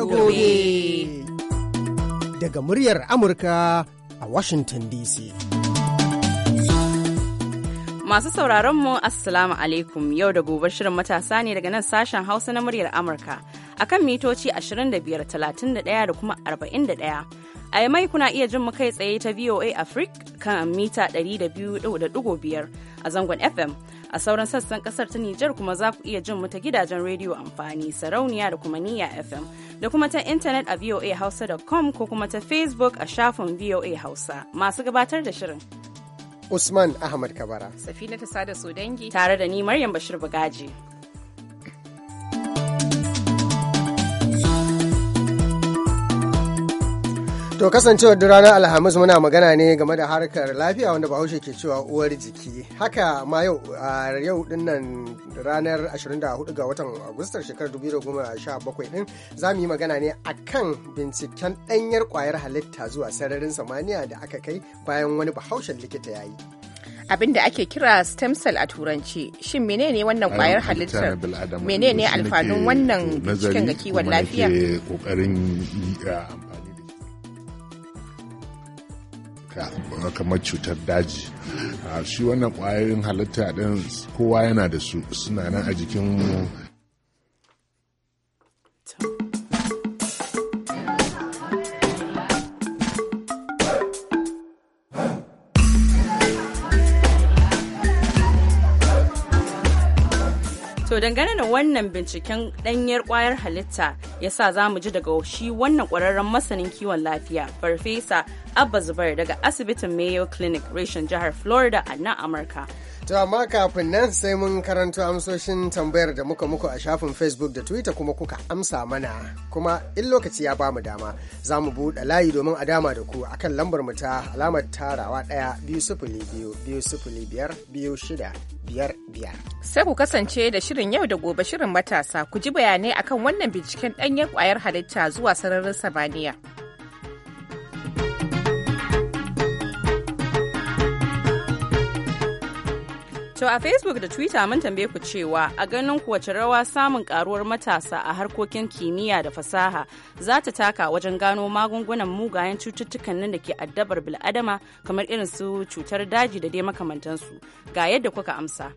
da gobe. Daga muryar Amurka a Washington DC. Masu sauraron mu Assalamu alaikum yau da gobe shirin matasa ne daga nan sashen Hausa na muryar Amurka a kan mitoci 25, 31 da kuma 41. A yamai kuna iya jin mu kai tsaye ta VOA Africa kan mita 200.5 a zangon FM. A sauran sassan kasar ta Nijar kuma za ku iya jin mu ta gidajen rediyo amfani sarauniya da kuma niyya FM. da kuma ta intanet a voahausa.com ko kuma ta Facebook a shafin VOA Hausa. Masu gabatar da shirin. Usman Ahmad Kabara. Safina ta sada Sodangi. Tare da ni Maryam Bashir Bagaji. To kasancewar duk ranar Alhamis muna magana ne game da harkar lafiya wanda Bahaushe ke cewa uwar jiki. Haka ma yau a yau din nan ranar 24 ga watan Agustar shekarar 2017 din za mu yi magana ne akan binciken ɗanyar kwayar halitta zuwa sararin samaniya da aka kai bayan wani Bahaushen likita ya yi. abin da ake kira stem cell a turanci shin menene wannan kwayar halittar menene alfanun wannan binciken ga kiwon lafiya ka kamar cutar daji ah, shi wannan kwayoyin halitta din kowa yana da su suna nan a jikin To dangane da wannan binciken ɗanyar kwayar halitta ya sa za mu ji daga shi wannan ƙwararren masanin kiwon lafiya Farfesa Abba Zubair daga asibitin Mayo Clinic reshen jihar Florida a nan Amurka. To amma kafin nan sai mun karanto amsoshin tambayar da muka muku a shafin Facebook da Twitter kuma kuka amsa mana. Kuma in lokaci ya bamu dama za mu buɗe layi domin a dama da ku akan lambar mu ta alamar tarawa ɗaya biyu sifili biyu biyu sifili biyar biyu shida biyar biyar. Sai ku kasance da shirin yau da gobe shirin matasa ku ji bayanai akan wannan binciken ɗanyen kwayar halitta zuwa sararin samaniya. To a Facebook da Twitter mun tambaye ku cewa a ganin ku wace rawa samun karuwar matasa a harkokin kimiyya da fasaha za ta taka wajen gano magungunan mugayen cututtukan nan da ke addabar bil'adama kamar irin su cutar daji da dai makamantansu ga yadda kuka amsa.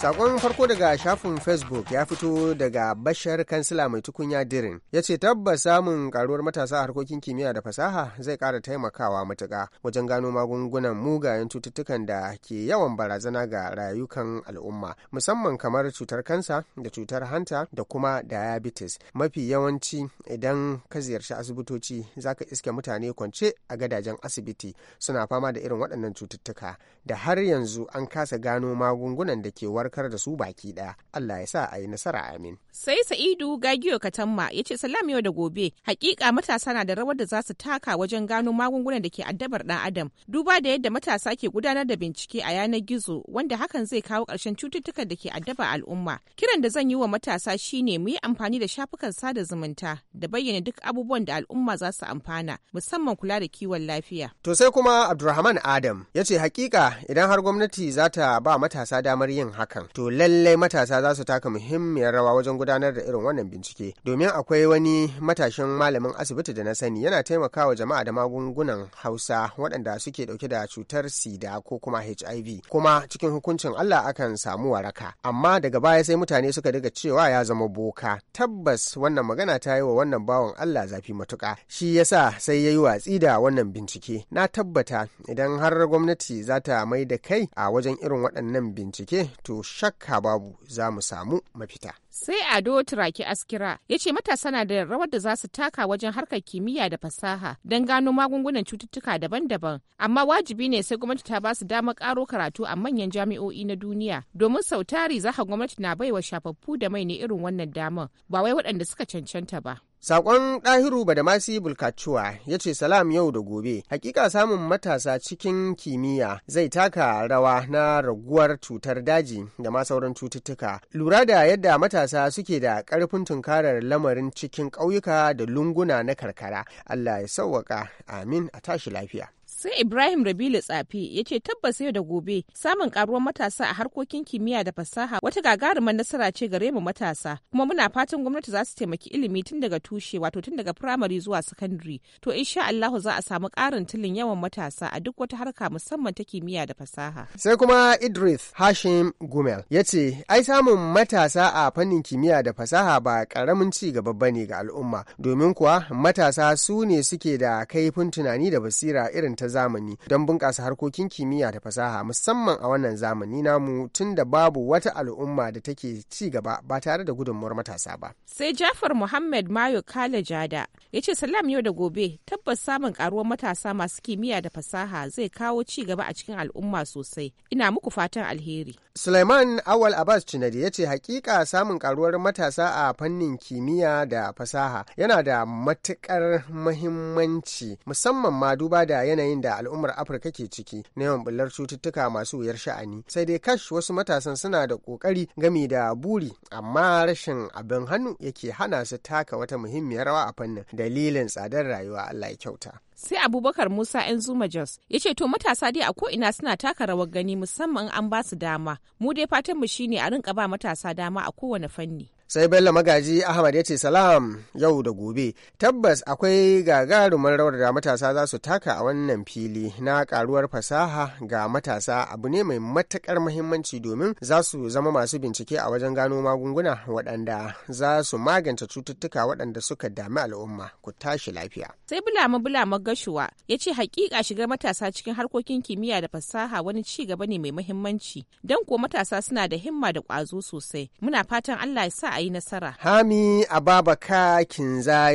Sakon farko daga shafin Facebook ya fito daga Bashar Kansila mai tukunya Dirin. Ya ce tabbas samun karuwar matasa a harkokin kimiyya da fasaha zai ƙara taimakawa matuka wajen gano magungunan mugayen cututtukan da ke yawan barazana ga rayukan al'umma musamman kamar cutar kansa da cutar hanta da kuma diabetes. Mafi yawanci idan ka ziyarci asibitoci za ka iske mutane kwance a gadajen asibiti suna fama da irin waɗannan cututtuka da har yanzu an kasa gano magungunan da ke war warkar da su baki ɗaya. Allah ya sa a yi nasara amin. Sai Sa'idu Gagiyo Katamma ya ce salam yau da gobe hakika matasa na da rawar da za su taka wajen gano magungunan da ke addabar ɗan adam duba da yadda matasa ke gudanar da bincike a yanar gizo wanda hakan zai kawo ƙarshen cututtukan da ke addaba al'umma. Kiran da zan yi wa matasa shine mu yi amfani da shafukan sada zumunta da bayyana duk abubuwan da al'umma za su amfana musamman kula da kiwon lafiya. To sai kuma Abdulrahman Adam ya ce hakika idan har gwamnati za ta ba matasa damar yin haka hakan to lallai matasa za su taka muhimmiyar rawa wajen gudanar da irin wannan bincike domin akwai wani matashin malamin asibiti da na sani yana taimakawa jama'a da magungunan hausa waɗanda suke ɗauke da cutar sida ko kuma hiv kuma cikin hukuncin allah akan samu waraka amma daga baya sai mutane suka diga cewa ya zama boka tabbas wannan magana ta yi wa wannan bawan allah zafi matuƙa shi yasa sai ya yi watsi da wannan bincike na tabbata idan har gwamnati za ta mai da kai a wajen irin waɗannan bincike to shakka babu za mu samu mafita. Sai Ado Turaki Askira ya ce matasa na da rawar da za su taka wajen harkar kimiyya da fasaha don gano magungunan cututtuka daban-daban. Amma wajibi ne sai gwamnati ta ba su damar karo karatu a manyan jami'o'i na duniya domin sau tari za gwamnati na baiwa shafaffu da mai ne irin wannan damar ba wai waɗanda suka cancanta ba. Sakon ɗahiru Badamasi Bulkacuwa ya ce salam yau da gobe, hakika samun matasa cikin kimiyya zai taka rawa na raguwar cutar daji da ma sauran cututtuka. Lura da yadda matasa matasa suke da ƙarfin tunkarar lamarin cikin ƙauyuka da lunguna na karkara. Allah ya sauwaka. Amin a tashi lafiya. Sai Ibrahim Rabilu Tsafi ya ce tabbas yau da gobe samun karuwar matasa a harkokin kimiyya da fasaha wata gagarumar nasara ce gare mu matasa kuma muna fatan gwamnati za su taimaki ilimi tun daga tushe wato tun daga firamare zuwa sakandare to insha allahu za a samu karin tilin yawan matasa a duk wata harka musamman ta kimiyya da fasaha. Sai kuma Idris Hashim Gumel ya ce ai samun matasa a fannin kimiyya da fasaha ba karamin ci gaba ne ga al'umma domin kuwa matasa su ne suke da kaifin tunani da basira irin ta zamani don bunƙasa harkokin kimiyya da fasaha musamman a wannan zamani namu tun da babu wata al'umma da take ci gaba ba tare da gudunmuwar matasa ba. Sai Jafar Muhammad Mayo Kale Jada ya ce salam yau da gobe tabbas samun karuwar matasa masu kimiyya da fasaha zai kawo ci gaba a cikin al'umma sosai. Ina muku fatan alheri. Suleiman Awal Abbas Cinadi ya ce hakika samun karuwar matasa a fannin kimiyya da fasaha yana da matukar mahimmanci musamman ma duba da yanayin da al'ummar Afirka ke ciki na yawan bullar cututtuka masu wuyar sha'ani. Sai dai kash wasu matasan suna da kokari gami da buri amma rashin abin hannu yake hana su taka wata muhimmiyar rawa a fannin dalilin tsadar rayuwa Allah ya kyauta. sai abubakar musa yan zuma jos ya ce to matasa dai a ko'ina suna taka rawar gani musamman an ba su dama mu dai fatanmu shine a rinka ba matasa dama a kowane fanni sai bello magaji ahmad ya ce salam yau da gobe tabbas akwai gagarumar rawar da matasa za su taka a wannan fili na karuwar fasaha ga matasa abu ne mai matakar mahimmanci domin za su zama masu bincike a wajen gano magunguna waɗanda za su magance cututtuka waɗanda suka dami al'umma ku tashi lafiya sai bulama bulama gashuwa ya ce hakika shiga matasa cikin harkokin kimiyya da fasaha wani ci gaba ne mai mahimmanci don ko matasa suna da himma da ƙwazo sosai muna fatan allah ya sa a yi nasara. Hami Ababaka Kinza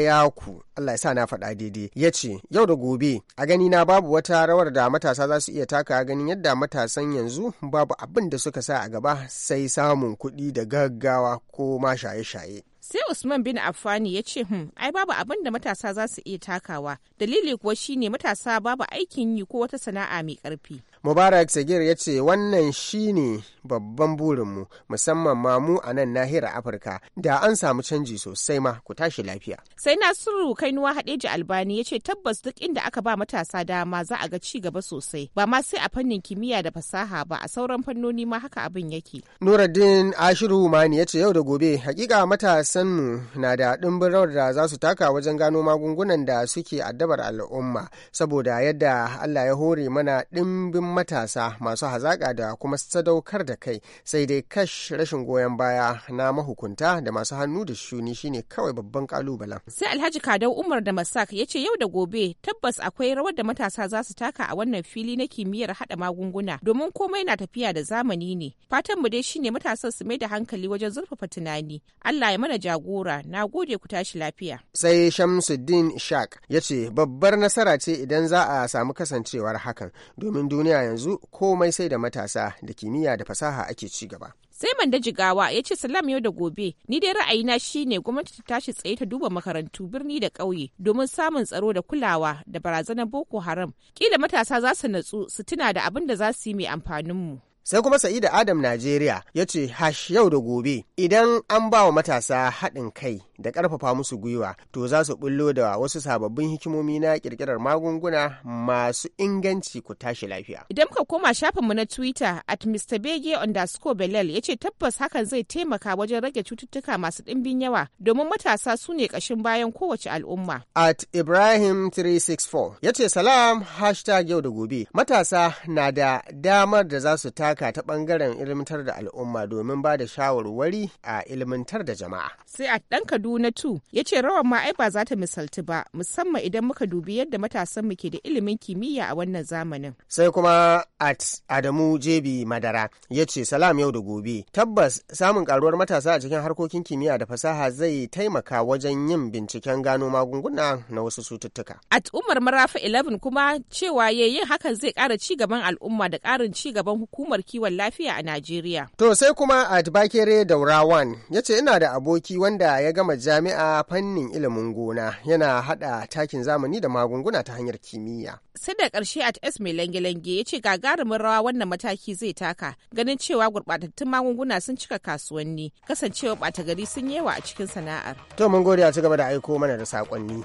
Allah ya sa na faɗa daidai, ya ce, Yau da gobe, a gani na babu wata rawar da matasa za su iya taka ganin yadda matasan yanzu babu abin da suka sa a gaba sai samun kuɗi da gaggawa ko ma shaye-shaye. sai usman bin affani ya ce hmm, ai babu abin da matasa za su iya takawa dalili kuwa shine matasa babu aikin yi ko wata sana'a mai ƙarfi. mubarak sagir ya ce wannan shine babban burinmu musamman ma mu a nan nahiyar afirka da an samu canji sosai ma ku tashi lafiya sai nasiru kainuwa hadeji albani ya ce tabbas duk inda aka ba matasa dama za a ga ci gaba sosai ba ma sai a fannin kimiyya da fasaha ba a sauran fannoni ma haka abin yake nuruddin ashiru mani ya ce yau da gobe hakika matasan mu na da dimbin rawar da za su taka wajen gano magungunan da suke addabar al'umma saboda yadda allah ya hore mana dimbin matasa masu hazaƙa da kuma sadaukar da kai sai dai kash rashin goyon baya na mahukunta da masu hannu da shuni shine kawai babban kalubalen. Sai Alhaji Kadau Umar da Masak ya ce yau da gobe tabbas akwai rawar da matasa za su taka a wannan fili na kimiyyar haɗa magunguna domin komai na tafiya da zamani ne. Fatan mu dai shine matasan su mai da hankali wajen zurfafa tunani. Allah ya mana jagora. Na gode ku tashi lafiya. Sai Shamsuddin Shak ya ce babbar nasara ce idan za a samu kasancewar hakan domin duniya yanzu komai sai da matasa da kimiyya da fasaha ake ci gaba. sai manda jigawa ya ce salam yau da gobe ni dai ra'ayina shine gwamnati ta tashi tsaye ta duba makarantu birni da ƙauye domin samun tsaro da kulawa da barazanar boko haram ƙila matasa za su natsu su tuna da abin da za su yi mai amfanin mu sai kuma sa'ida adam najeriya ya ce hash yau da gobe idan an ba wa matasa haɗin kai da ƙarfafa musu gwiwa to za su bullo da wasu sababbin hikimomi na ƙirƙirar magunguna masu inganci ku tashi lafiya. Idan muka koma shafin mu na Twitter at Mr. Bege underscore Belal ya ce tabbas hakan zai taimaka wajen rage cututtuka masu ɗimbin yawa domin matasa su ne ƙashin bayan kowace al'umma. At Ibrahim 364 ya ce salam hashtag yau da gobe matasa na da damar da za su taka ta bangaren ilmantar da al'umma domin ba da shawarwari a ilmantar da jama'a. Sai a ɗanka Kaduna 2 ya ce rawar ma ai ba za ta misaltu ba musamman idan muka dubi yadda matasan mu ke da ilimin kimiyya a wannan zamanin. Sai kuma at Adamu Jebi Madara ya ce salam yau da gobe tabbas samun karuwar matasa a cikin harkokin kimiyya da fasaha zai taimaka wajen yin binciken gano magunguna na wasu cututtuka. At Umar Marafa 11 kuma cewa yayin hakan zai ƙara ci gaban al'umma da karin ci gaban hukumar kiwon lafiya a Najeriya. To sai kuma at Bakere 1 ya ce ina da aboki wanda ya gama Ahmad Jami'a fannin ilimin gona yana hada takin zamani da magunguna ta hanyar kimiyya. Sai da ƙarshe a S mai lange-lange ya ce gagarumin rawa wannan mataki zai taka ganin cewa gurɓatattun magunguna sun cika kasuwanni kasancewa ɓata gari sun yi yawa a cikin sana'ar. To mun gode a ci gaba da aiko mana da saƙonni.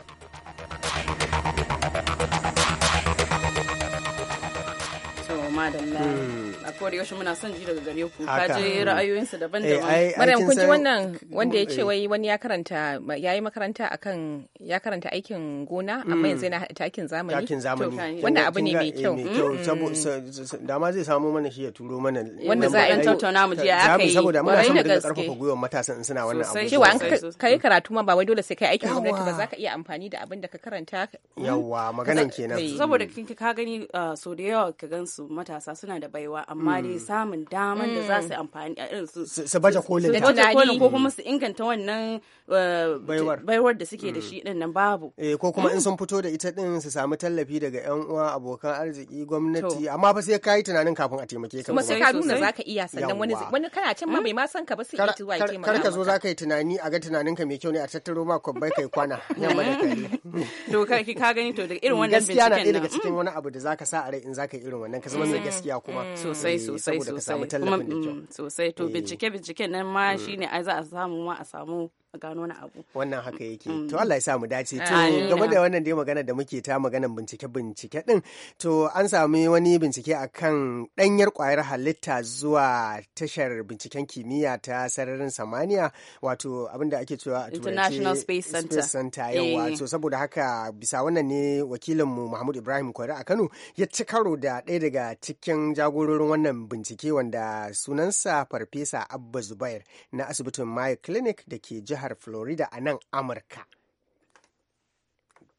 madalla. Hmm. a kore muna son ji daga gare ku ka je mm. ra'ayoyinsu daban-daban eh, maryam kun ji wannan wanda ya eh. ce wai wani ya karanta ya yi makaranta akan ya karanta aikin gona amma mm. yanzu yana takin zamani takin zamani wannan abu ne mai kyau da eh, ma mm. zai samo mana shi ya turo mana wanda za a yi tattauna mu je aka yi saboda muna son mu karfafa gwiwar matasan in suna wannan abu cewa an kai karatu ma ba wai dole sai kai aikin gwamnati ba za ka iya amfani da abin da ka karanta hmm? yawa maganan kenan saboda kin ka gani ah, so da yawa ka gansu matasa suna da baiwa amma dai mm. samun daman da za su mm. amfani a eh, irin eh, su su baje kolin da baje kolin ko kuma su inganta wannan eh, baiwar da suke da mm. shi din nan babu eh ko kuma in sun fito da ita din su samu tallafi daga yan uwa abokan arziki gwamnati amma ba sai ka yi tunanin kafin a taimake ka kuma sai ka nuna zaka iya sannan wani wani kana cin ma mai ma san ka ba sai ita wai taimaka kar ka zo zaka yi tunani a ga tunanin ka mai kyau ne a tattaro ma kwabbai kai kwana yamma da kai to ki ka gani to da irin wannan binciken gaskiya na daga cikin wani abu da zaka sa a rai in zaka yi irin wannan ka zama mai gaskiya kuma sosai sosai eh, sosai sosai kuma mm, sosai to eh. bincike bincike nan ma mm. shine a za a samu ma a samu a gano wani abu wannan haka yake mm. to Allah ya sa dace to game da wannan dai magana da muke ta maganan bincike bincike din to an sami wani bincike akan danyar kwayar halitta zuwa tashar binciken kimiyya ta sararin samaniya wato abinda ake cewa a International Space Center Space Center yawa eh. to saboda haka bisa wannan ne wakilin mu Mahmud Ibrahim Kwari a Kano ya ci karo da ɗaya daga cikin jagororin wannan bincike wanda sunansa Farfesa Abba Zubair na asibitin Mayo Clinic da ke jihar jihar florida a nan amurka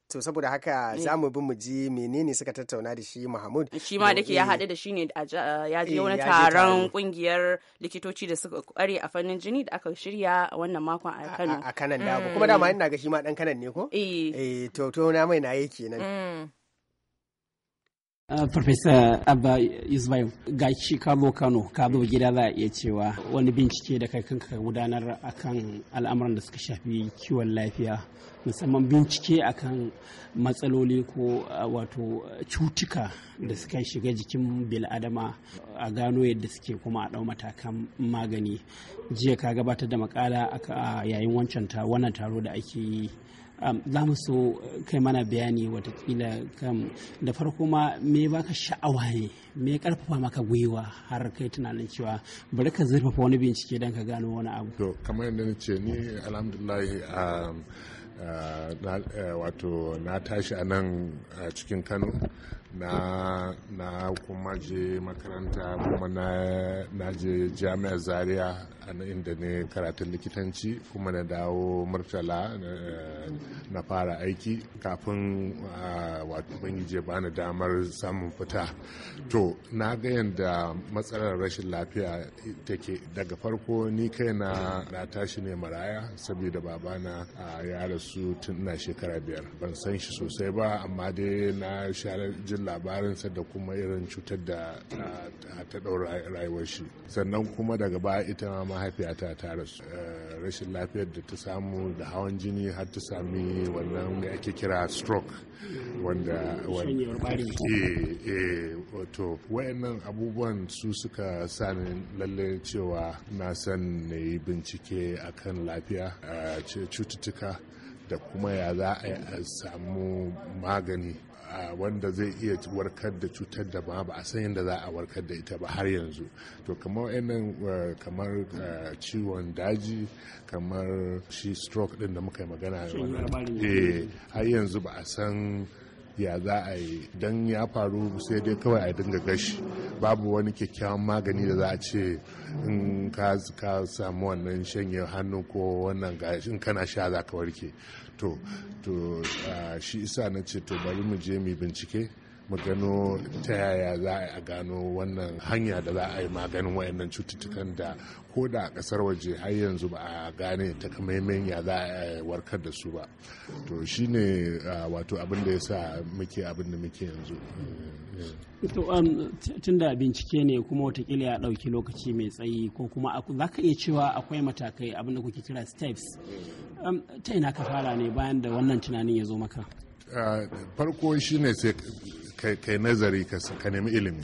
to saboda haka eh. za mu bi mu ji menene suka tattauna da shi Mahmud shi ma da ke ya haɗu da shi ne eh, ya je wani taron kungiyar likitoci da suka kware a fannin jini da aka shirya a wannan makon a Kano a Kanan da mm. kuma dama ina ga shi ma dan Kanan ne ko eh. eh to to na mai na yake nan mm. Farfesa eh, Abba Ismail ga shi Kano Kano ka zo gida za a iya cewa wani bincike da kai kanka gudanar kan al'amuran da suka shafi kiwon lafiya musamman bincike akan matsaloli ko eh, wato cutuka da suka shiga jikin bil'adama a gano yadda suke kuma a ɗau matakan magani jiya ka gabatar da makala a yayin wancan wannan taro da ake yi Um, za mu so uh, kai mana bayani watakila kan da farko ma me baka sha'awa ne me karfafa maka gwiwa har kai tunanin cewa bari ka zurfafa wani bincike don ka gano wani abu to kamar yadda na ce ni alhamdulahi um, uh, uh, wato na tashi a nan cikin kano na kuma je makaranta kuma na je jami'ar zaria inda ne karatun likitanci kuma na dawo murtala na fara aiki kafin wato je ba bani damar samun fita to na ga yadda matsalar rashin lafiya take daga farko ni kai na tashi ne maraya saboda babana ya rasu tun na shekara biyar ban san shi sosai ba amma dai na share jin labarinsa da kuma irin cutar da ta ɗaura rayuwar shi sannan kuma daga baya ita ma mahaifiyata ta rasu eh, rashin lafiyar da ta samu da hawan jini har ta sami wannan da ake kira stroke wanda wato eh, eh, wayannan abubuwan su suka sani lalle cewa na san na yi bincike akan lafiya cututtuka da kuma ya za a samu magani wanda zai iya warkar da cutar da ba ba a san yadda za a warkar da ita ba har yanzu to kamar wa'annan eh, kamar eh, ciwon daji kamar shi stroke din da muka yi magana eh, har yanzu ba a san ya za a yi don ya faru sai dai kawai a dinga gashi babu wani kyakkyawan magani da za a ce in ka samu wannan shanye hannu ko wannan gashin kana sha za ka warke to to ah, shi isa na ce to bari mu je mu bincike mu gano ta yaya za a gano wannan hanya da za a yi maganin wayannan cututtukan da ko da a kasar waje har yanzu ba a gane takamaiman ya za a warkar da su ba to shi ne wato abin da ya sa muke abin da muke yanzu um, tun da bincike ne kuma watakila ya ɗauki lokaci mai tsayi ko kuma za ka iya cewa akwai matakai abin da kuke kira steps um, ta ina ka fara ne bayan da wannan tunanin ya zo maka farko shine sai kai nazari ka nemi ilimi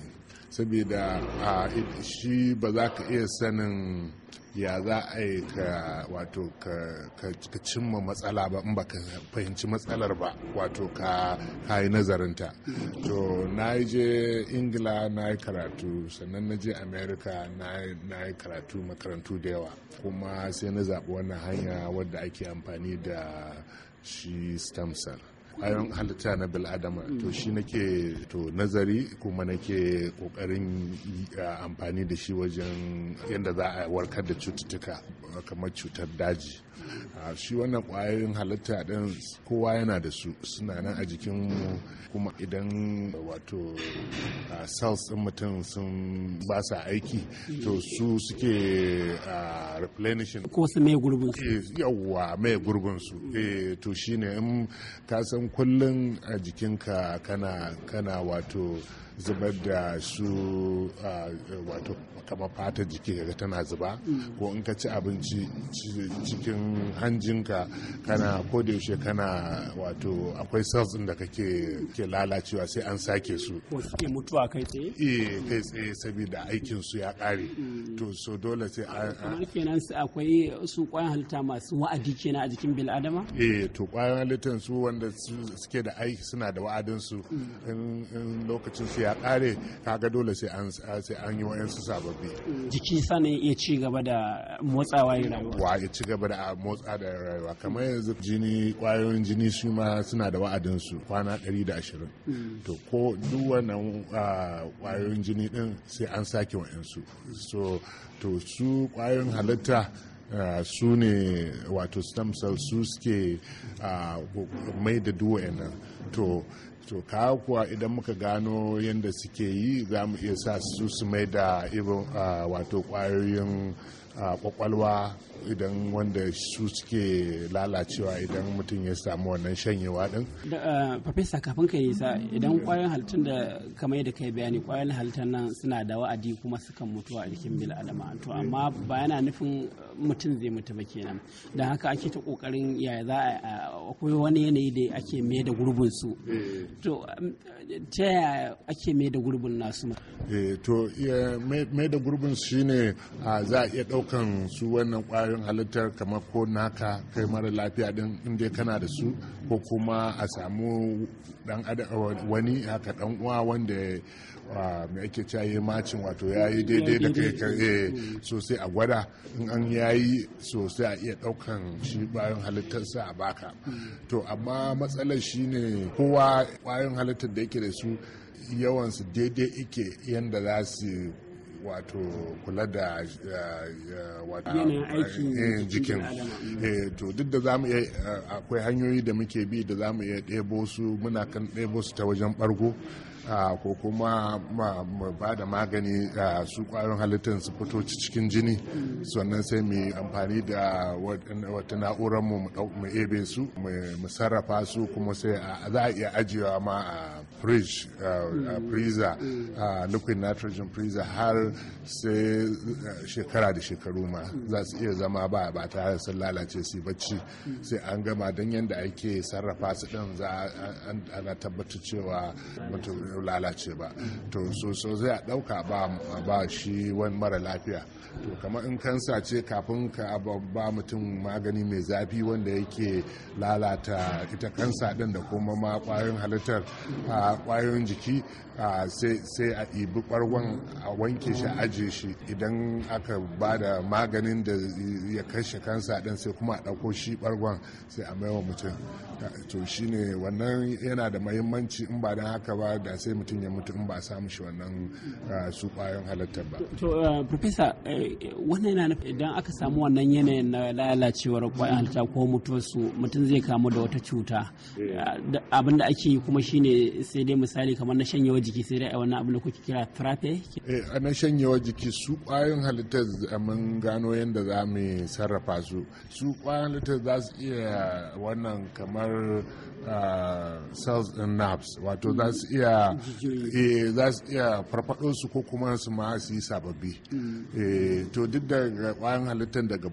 saboda shi ba za ka iya sanin ya za a yi ka wato ka cimma matsala ba in ba ka fahimci matsalar ba wato ka yi nazarinta to na yi je ingila na yi karatu sannan na je america na yi karatu makarantu da yawa kuma sai na zaɓi wannan hanya wadda ake amfani da shi stem cell Kwayon halitta na bil'adama to shi nake to nazari kuma nake kokarin amfani da shi wajen yadda za a warkar da cututtuka kamar cutar daji shi wannan kwayoyin halitta ɗin kowa yana da su suna nan a jikin kuma idan wato cells din mutum sun ba sa aiki to su suke replenishin ko su mai gurbin su eh, yawwa mai gurbin su eh, to shine in ka san kullum a jikinka kana kana wato zubar da su wato kamar fata jiki daga tana zuba mm. ko in ka ci abinci cikin hanjinka kana ko da yaushe kana wato akwai cells da kake ke lalacewa sai an sake su ko suke mutuwa kai tsaye eh kai tsaye saboda aikin su ya kare mm. to so dole sai A kamar kenan akwai su kwayan halitta masu wa'adi kenan a jikin bil'adama eh to kwayan halittar su wanda suke da aiki suna da wa'adin su mm. in lokacin su ya kare kaga dole sai an sai an yi wayansu sababbi jiki sani iya ci gaba da motsawa ya rayuwa wa ya ci gaba da motsa da rayuwa kamar yanzu jini kwayoyin jini su ma suna da wa'adin su kwana 120 hmm. to ko duk wannan kwayoyin ah, jini din sai an sake wayansu so to su kwayoyin halitta Uh, su ne wato stem cells su suke uh, mai da duwa nan to to kuwa idan muka gano yadda suke yi za mu iya sa su su mai da ah, wato kwayoyin a kwakwalwa idan wanda su suke lalacewa idan mutum ya samu wannan shanyewa din. Farfesa kafin ka yi sa idan kwayoyin halittun da kamar da kai bayani kwayoyin halittun nan suna da wa'adi kuma sukan mutu a jikin bil adama to amma ba yana nufin mutum zai mutu ba kenan don haka ake ta kokarin yaya za a akwai wani yanayi da ake mai da gurbin su to um, ta yaya ake mai da gurbin nasu eh, to mai da gurbin shine za a iya daukan su wannan kwayoyin halittar kamar ko naka kai mara lafiya din inda kana da su ko kuma a samu dan wani haka dan uwa wanda ah, me ake cewa macin wato ya yi daidai da kai kare eh, sosai a gwada in an yayi sosai a iya daukan shi kwayoyin halittarsa a baka to amma matsalar shi shine kowa kwayoyin halittar da yake da su yawansu daidai ike yadda za su wato kula da jikin to duk da zamu iya eh, akwai hanyoyi da muke bi da zamu iya ɗebo su muna kan ɗebo su ta wajen ɓargo ko kuma mu ba da magani su kwayoyin halittar su fito cikin jini sannan sai mu yi amfani da wata na'urar mu mu ebe su mu sarrafa su kuma sai za a iya ajiyewa ma a fridge freezer liquid nitrogen freezer har sai shekara da shekaru ma za su iya zama ba ba ta da sun lalace su bacci sai an gama don yadda ake sarrafa su din za a tabbatar cewa mutum lalace ba to so so zai a ɗauka ba shi wani mara lafiya to kamar in kansa ce kafin ka ba mutum magani mai zafi wanda yake lalata ita kansa ɗin da kuma ma ƙwayoyin halittar kwayoyin jiki sai a ibi bargon a wanke shi a shi idan aka ba da maganin da ya kashe kansa din sai kuma a ɗauko shi bargon sai a maiwa mutum to shine wannan yana da mahimmanci in ba don haka ba da sai mutum ya mutu in ba a samu shi wannan su ƙwayoyin halittar ba to professor wannan yana idan aka samu wannan yanayin na lalacewar ƙwayoyin halitta ko mutuwarsu mutum zai kamu da wata cuta eh. abinda ake yi kuma shine sai dai misali kamar na shanye jiki sai dai a wannan abin da kuke kira frappe eh ana shanyewa jiki su kwayoyin halittar mun gano yadda za mu sarrafa su su kwayoyin halittar za su iya wannan kamar ah, cells and nerves wato za su iya eh, za su iya farfado su ko kuma su ma su yi sababbi mm. eh, to duk da kwayoyin halittar daga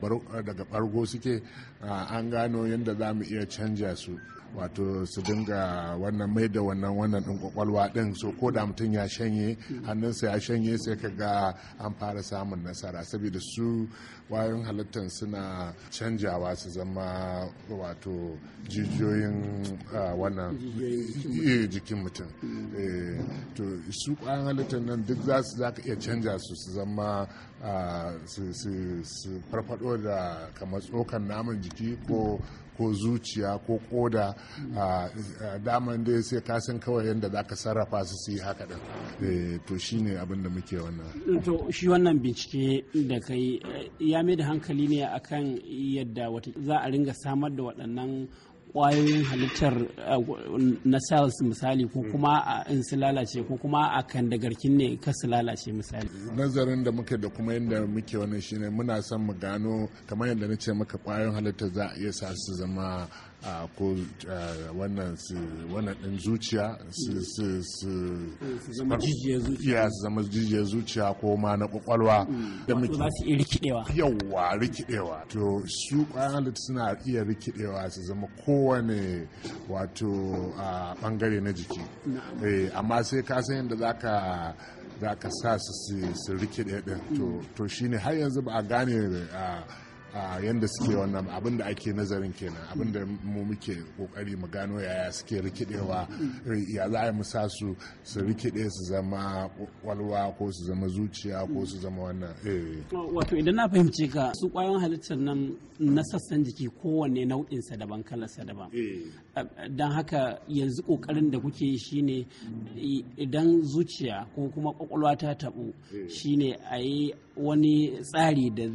bargo suke ah, an gano yadda za mu iya canja su wato su dinga wannan mai da wannan wannan din kwakwalwa din so ko da mutum ya shanye hannunsa ya shanye sai ka ga an fara samun nasara saboda su wayan halittar suna canjawa su zama wato jijiyoyin wannan eh, jikin mutum eh, to su kwayan halittar nan duk za su za ka iya canja su su zama su farfado da kamar tsokan naman jiki ko ko zuciya ko koda daman dai sai ka san kawai yadda za ka sarrafa su su yi haka da eh, to ne abin da muke wannan to shi wannan bincike da kai ya mai da hankali ne akan yadda za a ringa samar da waɗannan kwayoyin halittar eh, na cells misali ko kuma in su lalace ko kuma a kan da garkin ne ka su lalace misali nazarin da muke da kuma yadda muke wani shine muna son mu gano kamar yadda na ce maka kwayoyin halittar za a iya sa su zama ko wannan wannan din zuciya su zama jijiyar zuciya zama zuciya ko ma na kwakwalwa mm. da muke za su iya rikidewa yawwa rikidewa to su kwayan suna iya rikidewa su zama kowane wato bangare na jiki eh, amma sai ka san yadda za ka za ka sa su su rikide din mm. to shine har yanzu ba a gane yadda suke wannan abin da ake nazarin kenan abin da mu muke kokari mu gano yaya suke rikidewa ya za a musa su su rikide su zama kwalwa ko su zama zuciya ko su zama wannan eh. wato idan na fahimci ka su kwayoyin halittar nan na sassan jiki kowanne nau'insa daban kalarsa daban eh. don haka yanzu kokarin da kuke yi shine idan zuciya ko kuma kwakwalwa ta tabu eh. shine a yi wani tsari da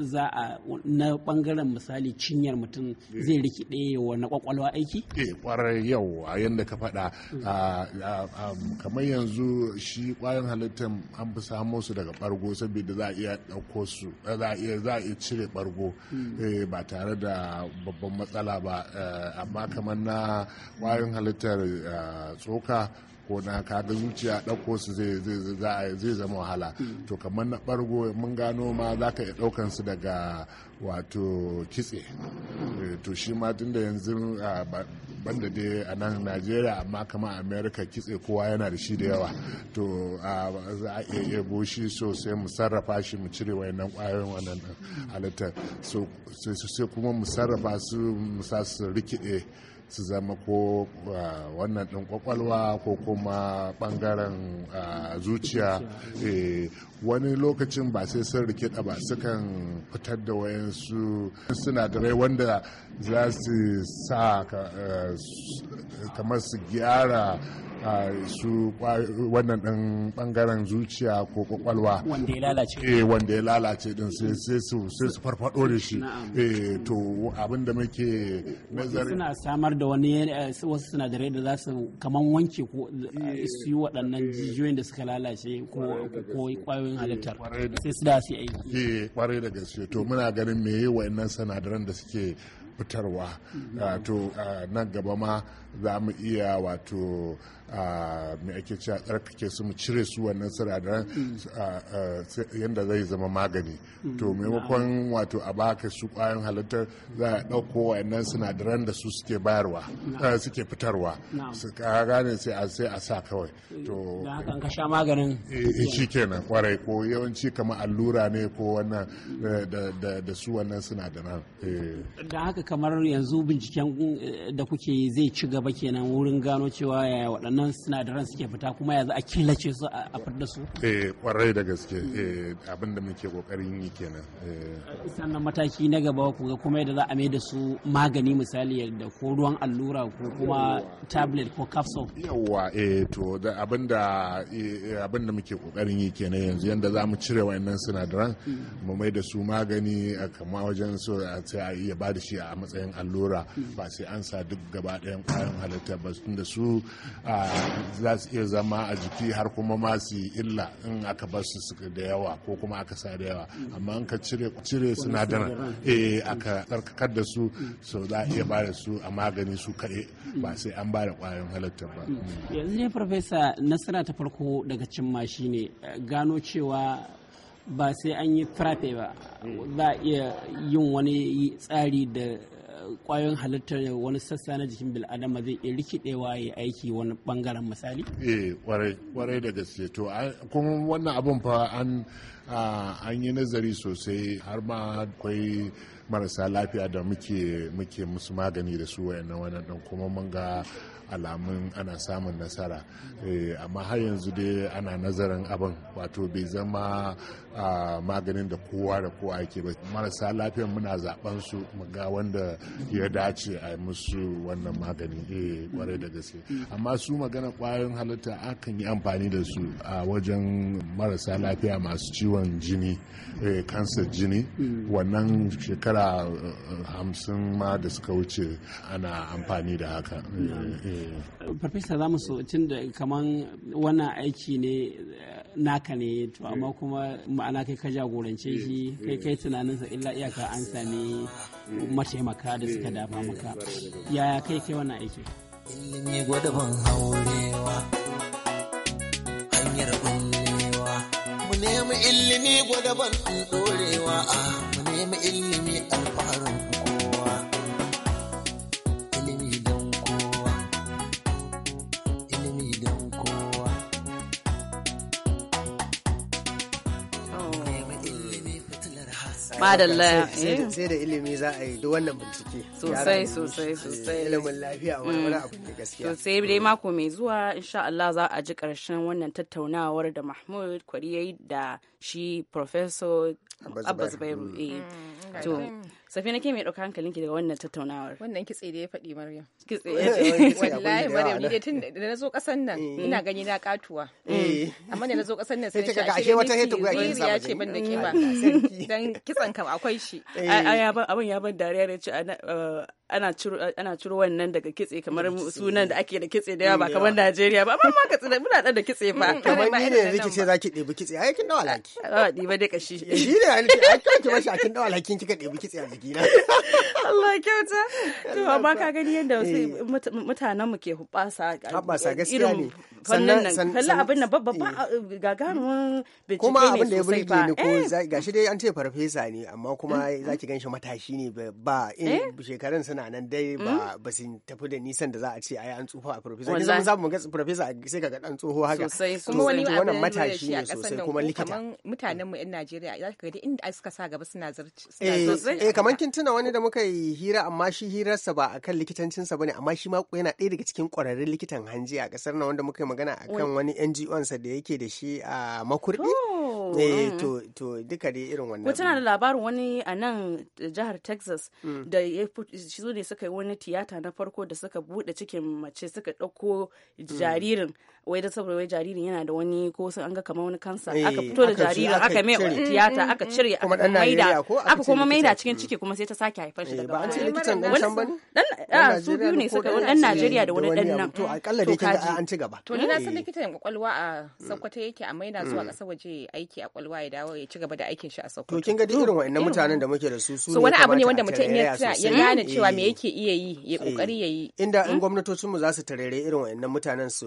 za a na bangaren misali cinyar mutum eh. zai rikide wani na kwakwalwa aiki? kwarar eh, yau a yadda ka faɗa mm. kamar yanzu shi kwayan halittar an fi samo su daga bargo saboda za a iya ɗauko su za a iya cire bargo mm. ba tare da babban matsala ba amma kamar na kwayoyin halittar eh, tsoka ko na kaga zuciya ɗauko su zai zama wahala to kamar na ɓargo mun gano ma za ka iya ɗaukan su daga wato kitse eh, to shi ma tun da yanzu banda dai a nan najeriya amma kamar america kitse kowa yana da shi da yawa to za a iya yabo shi sosai mu sarrafa shi mu cire wayannan kwayoyin wannan halittar sai kuma mu sarrafa su musa su rikide su zama ko ah, wannan ɗin kwakwalwa ko kuma ɓangaren ah, zuciya eh, wani lokacin ba sai sun rikida ba sukan fitar da wayansu sinadarai wanda za su sa eh, kamar su gyara su wannan ɗin ɓangaren zuciya ko kwakwalwa wanda ya lalace eh, din sai su su farfado da shi eh, to abin da muke nazari suna samar da wani eh, wasu sinadarai da za su kaman wanke ko su yi waɗannan jijiyoyin da suka lalace ko kwayoyin halittar sai su da su aiki kwarai da gaske to muna ganin me yi nan sinadaran da suke fitarwa mm-hmm. ah, to ah, nan gaba ma za mu iya wato mai ake cewa tsarkake su mu cire su wannan sinadaran yadda zai zama magani to mm. maimakon wato a baka su kwayan halittar za a ɗauko wannan sinadaran da su suke bayarwa eh, suke fitarwa su gane sai a sai a sa kawai to eh, da hakan ka sha maganin eh, shi kenan kwarai ko yawanci kama allura ne ko wannan da su wannan sinadaran da haka kamar yanzu binciken da kuke zai ci gaba gaba kenan wurin gano cewa yaya waɗannan sinadaran suke fita kuma ya za a killace su a fitar su eh kwarai da gaske eh muke kokarin yi kenan eh. sannan mataki na gaba ku ga kuma yadda za a mai da su magani misali da ko ruwan allura ko kuma tablet ko capsule yawa eh to da abin eh, muke kokarin yi kenan yanzu yanda za mu cire waɗannan sinadaran mu mai da su magani kamar wajen so a iya ba da shi a matsayin allura ba sai an sa duk gaba ɗayan kwayan halitta ba su da su za su iya zama a jiki har kuma ma su yi illa in aka ba su da yawa ko kuma aka sa da yawa amma in ka cire sinadaran eh aka tsarkakar da su so za a iya ba da su a magani su kaɗai ba sai an ba da ƙwayoyin halitta ba yanzu ne farfesa nasara ta farko daga shi ne eh, gano cewa ba sai an yi trafe ba za a iya yin wani tsari da kwayoyin halittar wani sassa na jikin bil'adama zai iya rikidewa ya aiki wani bangaren misali? eh kwarai da gaske to kuma wannan abun fa an yi nazari sosai har ma akwai marasa lafiya da muke musu magani da su wayannan wannan din kuma mun ga alamun ana samun nasara eh, amma har yanzu dai ana nazarin abin wato bai zama a maganin da kowa da kowa yake ba marasa lafiyan muna zaben su ga wanda ya dace a yi musu wannan magani eh kwarai da gaske amma su magana kwayoyin halitta akan yi amfani da su a wajen marasa lafiya masu ciwon jini eh, kansar jini wannan shekara eh, hamsin ma da suka wuce ana amfani da haka farfesa eh, za mu so tun da kaman wannan aiki ne naka ne to eh. amma kuma ma'ana kai ka jagorance eh. shi kai kai tunaninsa illa iyaka an sami eh. mataimaka da suka dafa maka yaya kai kai wannan aiki ilimi gwadabin haurewa hanyar bullewa mu nemi ilimi gwadabin dorewa ah, mu nemi ilimi alfaharin madalla eh. sai da ilimi za a yi duk wannan bincike sosai sosai sosai ilimin lafiya wani abu ne gaskiya sosai dai mako mai zuwa insha Allah za a ji karshen wannan tattaunawar da Mahmud Kwari da shi professor Abbas Bayru mm. eh. mm, mm, to Safina ke mai ɗauka hankalinki daga wannan tattaunawar. Wannan kitse da ya faɗi Maryam. Kitse ya ce. Wallahi mariya ni dai tun da na zo ƙasan nan eh. ina gani na katuwa. Eh. Amma da na zo ƙasan nan sai ka ashe wata hita guya kin Ya ce ban da kima. Dan kitsan kam akwai shi. Eh. Abin ya ban dariya da ce ana ciro ana ciro wannan daga kitse kamar sunan da ake da kitse da yawa ba mm, kamar Najeriya ba amma ka tsina muna dan da kitse ba mm, kamar ni ne yanzu za zaki ɗebi kitse ai kin dawo laki a ɗiba dai kashi shi ne an ce ai kanki bashi akin dawa laki kika ɗebi kitse a jiki na Allah kyauta to amma ka gani yadda eh. mutanen mu ke hubasa hubasa eh, gaskiya ne sannan kalla abin nan babba eh. gagarumin bincike ne kuma abin da ya burge ni ko gashi dai an ce farfesa ne amma kuma zaki ganshi matashi ne ba in shekarun suna nan dai ba hmm? ba su tafi da nisan da za a ce ai an tsufa a professor ne zan samu ga professor sai kaga dan tsoho haka kuma wani wannan matashi ne sosai kuma likita mutanen mu yan Najeriya za ka ga inda suka sa gaba suna zarci eh, eh kaman kin tuna wani da muka yi hira amma shi hirarsa ba akan likitancin sa bane amma shi ma yana ɗaya daga cikin ƙwararrun likitan hanji a kasar nan wanda muka yi magana akan wani NGO sa da yake da shi a makurdi eh hmm. to to duka dai irin wannan ko tana da labarin wani a nan jihar Texas hmm. da ya zo ne suka yi wani tiyata na farko da suka buɗe cikin mace suka ɗauko hmm. jaririn wai da saboda wai jaririn yana da wani ko sun an ga kamar wani kansa eh, aka fito da jaririn aka mai tiyata aka mm, mm, cire mm. aka maida aka kuma maida cikin ciki kuma sai ta sake haifar shi eh, daga ba an ce likitan dan can bane ah, dan su biyu ne suka wani dan Najeriya da wani dan nan to akalla dai kin ah, an ci gaba to ni na san eh. likitan kwakwalwa a Sokoto yake a maida zuwa ƙasar waje aiki a kwalwa ya dawo ya ci gaba da aikin shi a Sokoto to kin ga irin wa'annan mutanen da muke da su su wani abu ne wanda mutum ya gane cewa me yake iya yi ya kokari yayi inda in hmm? gwamnatocin mu za su tarere irin wa'annan mutanen su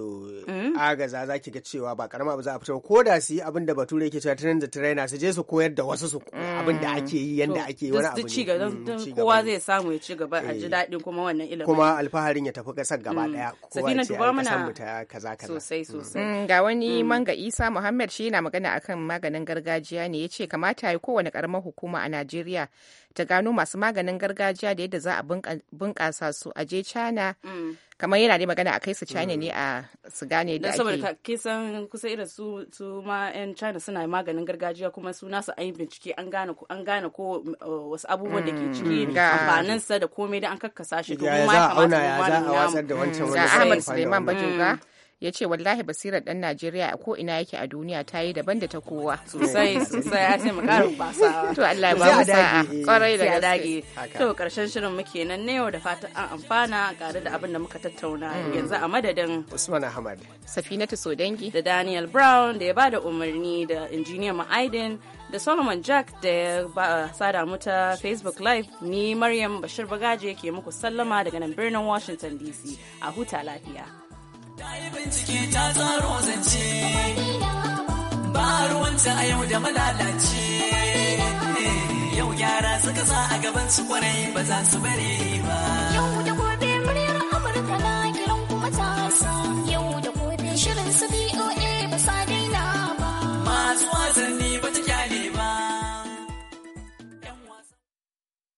agaza za ki ga cewa ba karama ba za a fito ko da su yi abin da bature yake cewa train the trainer su je su koyar da wasu su abin da ake yi yanda mm. ake yi wani abu ne mm, kowa zai samu ya ci gaba a ji eh. daɗin kuma wannan ilimin kuma alfaharin ya tafi ƙasar gaba mm. ɗaya kowa ce a ƙasar mu ta kaza kaza sosai sosai ga wani manga Isa Muhammad shi yana magana akan maganin gargajiya ne yace kamata ya kowane karamar hukuma a Najeriya ta gano masu maganin gargajiya da yadda za a bunƙasa su a je China. Mm. Kamar yana dai magana a kai su China mm. ne a su gane da ake. saboda kisan kusa irin su su ma 'yan China suna maganin gargajiya kuma su nasu ayin bincike an gane ko an gane ko uh, wasu abubuwan da ke mm. ciki amfanin sa da komai da an kakkasa shi. domin ma a auna ya za a wasar da wancan wani. Ga Ahmad Suleiman Bajoga. ya ce wallahi basirar dan najeriya a ko ina yake a duniya ta yi daban da ta kowa sosai sosai a ce mu basa to allah ba mu sa'a kwarai da gaske to karshen shirin muke nan ne yau da fatan an amfana gare da abin da muka tattauna mm. yanzu a madadin usman ahmad safinatu sodangi da daniel brown da ya ba da umarni da injiniya ma'aidin da solomon jack da ya sada muta facebook live ni maryam bashir bagaje ke muku sallama daga nan birnin washington dc a huta lafiya Ta yi bincike ta tsaro zance, ba ruwanta a yau da malalace. Yau gyara suka sa a gaban su kwarai ba za su bare ba. Yau da gobe muryar Amurka na kiran kuma ta sa.